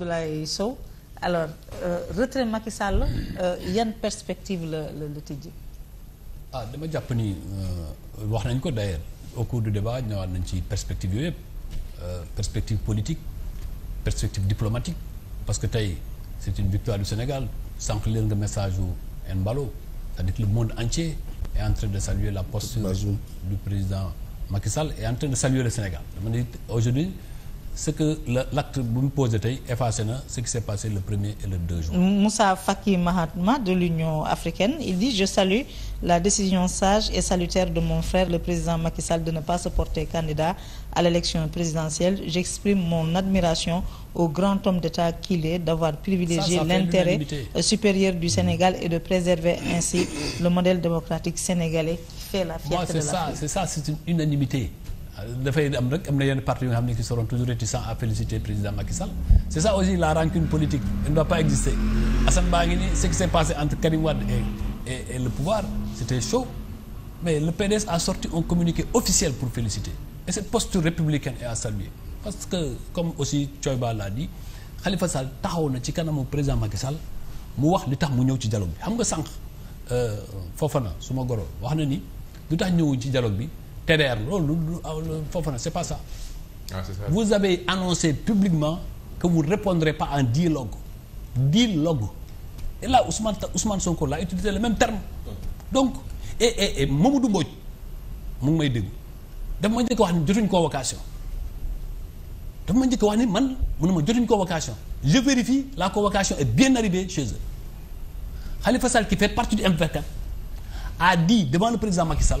Abdoulaye Sow alors euh, retrait Macky Sall euh, yan perspective la la la ah, dama jàpp ni euh, wax nañ ko d'ailleurs au cours du débat ñëwaat nañ ci perspective yooyu yëpp euh, perspective politique perspective diplomatique parce que tey c'est une victoire du Sénégal sànq leen nga message wu Embalo c'est-à-dire que le monde entier est en train de saluer la posture du président Macky Sall est en train de saluer le Sénégal dama ne aujourd'hui ce que la l'acte bu ñu posé tey effacé na ce qui s'est passé le premier et le deux juin. Moussa Faki Mahatma de l'Union africaine il dit je salue la décision sage et salutaire de mon frère le président Macky Sall de ne pas se porter candidat à l'élection présidentielle j'exprime mon admiration au grand homme d'État qu'il est d'avoir privilégié l'intérêt supérieur du Sénégal et de préserver ainsi le modèle démocratique sénégalais qui fait la fierté de l'Afrique. Moi c'est ça, c'est ça, dafay am rek am na yenn parti yu nga xam ne qui seront toujours réticents à féliciter président Macky Sall c'est ça aussi la rancune politique elle ne doit pas exister Assane baa ngi nii ce qui s'est passé entre Karim Wade et et le pouvoir c'était chaud mais le PDS a sorti un communiqué officiel pour féliciter et cette posture républicaine est à saluer parce que comme aussi Thioiba l'a dit Khalifa Sall taxaw na ci kanamu président Macky Sall mu wax li tax mu ñëw ci dialogue bi xam nga sànq euh, Fofana suma goro wax na ni lu tax ñëwuñ ci dialogue bi. TDR loolu foofu na c'est pas ça. Ah, c'est ça vous avez annoncé publiquement que vous répondrez pas en dialogue dialogue et là Ousmane Ousmane Sonko l'a utilisé le même terme donc et et et Mamadou mu ngi may dégg daf ma njëkk wax ni jotuñu convocation daf ma njëkk wax ni man mu ne ma jotuñu convocation je vérifie la convocation est bien arrivée chez eux Khalifa Sall qui fait partie du M24 a devant le président Macky sal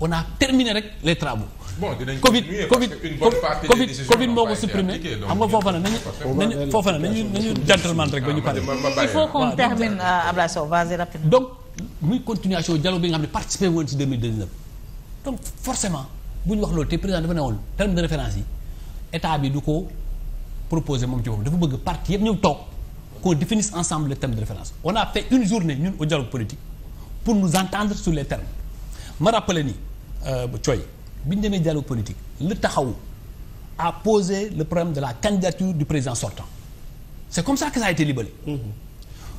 on a terminé rek les travaux. bon dinañ Covid Covid Covid Covid moo ko supprimé xam nga foofa na nañu nañu foofa na nañu nañu gentleman rek ba ñu pare. Ah, euh, donc muy continuation dialogue bi nga xam ne participé woon ci 2019 donc forcément bu ñu wax loolu te président dafa ne woon terme de référence yi état bi du ko proposé moom ci boppam dafa bëgg parti yëpp ñëw toog qu'on définisse ensemble les termes de référence on a fait une journée ñun au dialogue pour nous entendre sur les termes. ma rappelé ni Coy euh, bi ñu demee dialogue politique li taxaw a posé le problème de la candidature du président sortant c'est comme ça que ça a été libellé. Mm-hmm.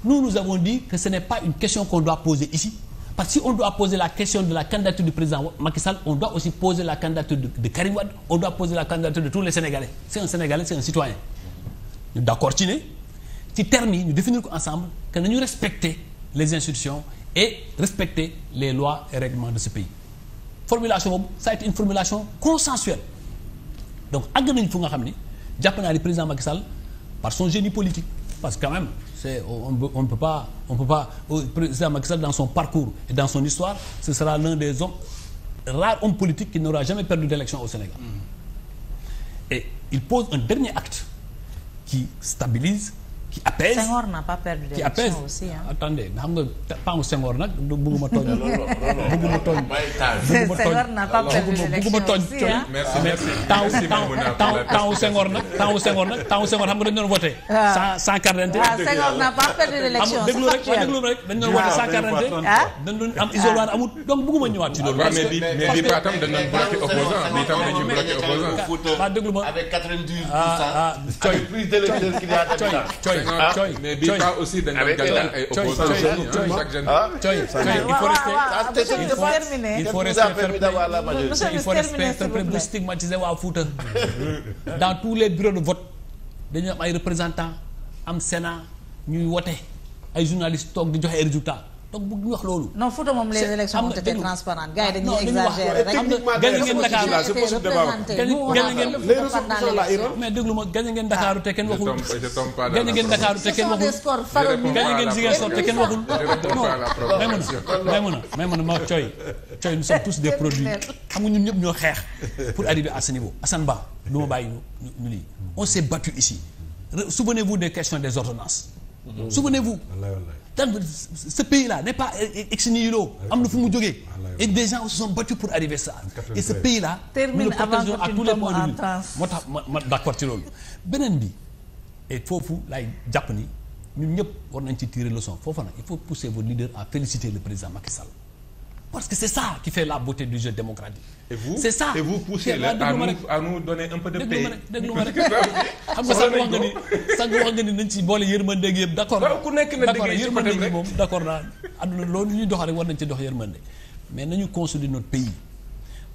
nous nous avons dit que ce n'est pas une question qu'on doit poser ici parce que si on doit poser la question de la candidature du président Macky Sall on doit aussi poser la candidature de, de Karim Wade on doit poser la candidature de tous les Sénégalais c'est un Sénégalais c'est un citoyen ñu d'accord ci ne et respecter les lois et règlements de ce pays formulation boobu ça a été une formulation consensuelle donc àgg nañ fu nga xam ni jàpp naa ni président Macky Sall par son génie politique parce que quand même c'est on on peut pas on peut pas euh, président Macky Sall dans son parcours et dans son histoire ce sera l'un des hommes rares hommes politiques qui n'aura jamais perdu d'élection au Sénégal mm-hmm. et il pose un dernier acte qui stabilise qui apaise Senghor n'a pas perdu d'élection aussi oh, hein. attendez xam nga temps Senghor nag bëgguma tooñ. bëgguma tooñ bëgguma tooñ Senghor n'a pas perdu d'élection aussi hein. merci merci merci beaucoup naa ko la temps Senghor nag temps Senghor nag temps Senghor xam nga dañu doon voté. sans sans carte d'identité. waaw Senghor n'a pas perdu d'élection c'est factuel doon am isoloir amul donc bëgguma ñëwaat ci loolu. Ah, mais bi ba tam dañu doon bloqué opposant bi tam dañuy bloqué opposant. waaw ah, déglu ma ah, coy coy. Ah, ah, mais bii pas aussi dañu ah, gàttal ay opposants chaque jeune. il faut rester il faut rester interprète waa Fouta. dans tous les bureaux de vote dañuy am ay représentants am Sénat ñuy wote ay journalistes toog di joxe ay donc bu ñu wax loolu. non Fouta moom les élections ont été transparentes gars yi dañuy exagérer rek. gagné ngeen Dakar mais déglu ma gagné ngeen Dakar te kenn waxul. gagné ngeen Dakar te kenn waxul. gagné ngeen Ziguinchor te kenn waxul. non may mën a may mën a ma cooy cooy nous sommes tous des produits xam nga ñun ñëpp ñoo xeex pour arriver à ce niveau Assane Ba du ma bàyyi ñu ñu lii on s'est battu ici souvenez-vous des questions des ordonnances mm-hmm. souvenez-vous tant que ce pays là n'est pas e-, e-, ex nihilo am na fu mu jógee et des gens se sont pour arriver sa et ce pays là nous le partageons les points de vue moo tax ma ma d'accord ci loolu beneen bi et foofu laay jàpp ni ñun ñëpp war nañ ci tirer leçon foofu nag il faut pousser vos leaders à féliciter le président Macky Parce que c'est ça qui fait la beauté du jeu démocratique. Et vous c'est ça et vous poussez l'État à nous à nous donner déglu ma rek xam ne sànq wax nga ni sànq wax nga ni nañ ci boole yërmande yëpp d'accord. ku nekk na loolu ñuy doxal rek war nañ ci dox yërmande. mais nañu consolider notre pays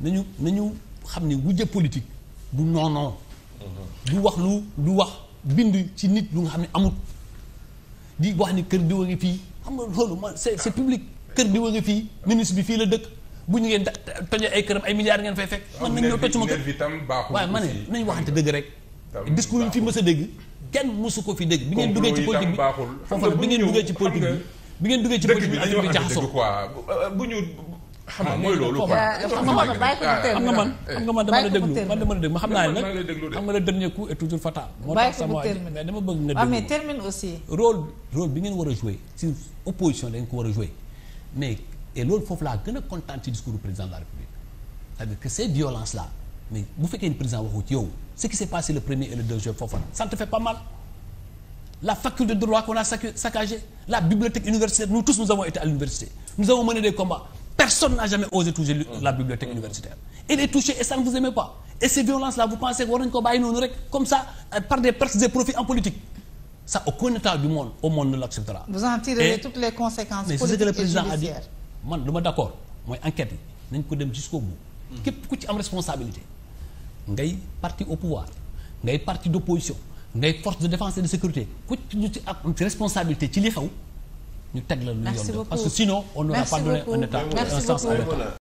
nañu nañu xam ni wujje politique du non du wax lu du wax bind ci nit lu nga xam ne amut. di wax ni kër diwa ngi fii am nga loolu man c'est c'est public. kër diwa nga fii ministre bi fii la dëkk bu ñu ngeen tojee ay këram ay milliards ngeen fay fekk man nañ ñoo toj suma kër waaw ma ne nañ waxante dëgg rek discours fi mës a kenn mosu ko fi dégg bi ngeen duggee ci politique bi foofu bi ngeen duggee ci politique bi bi ngeen nga ah, man xam nga man ah, eh. xam nga man dama la déglu man dama la déglu ma xam naa ne nag xam nga le dernier coup est toujours fatal moo tax sama mais dama bëgg na ah, déglu mais termine bi ngeen war a jouer si opposition dañ ko war a jouer mais et loolu foofu laa gën a kontaan ci discours du président de la république c'est-à-dire que ces violences là mais bu fekkee ni président waxu ci yow ce qui s'est passé le premier et le deux juin Fofana ça te fait pas mal la faculté de droit qu'on a saccagé la bibliothèque universitaire nous tous nous avons été à l'université nous avons mené des combats personne n'a jamais osé toucher la bibliothèque universitaire il est touché et Ça, aucun État du moon au monde ne l'acceptera. Vous en tirerez toutes les conséquences politiques et a dit man dama d'accord mooy enquête yi nañ ko dem jusqu'au bout. képp ku ci am responsabilité. ngay parti au pouvoir ngay parti d'opposition ngay force de défense et de sécurité ku ñu ci am responsabilité ci li xew ñu teg la lu yoon parce que sinon on n'aura pas donné un État un sens à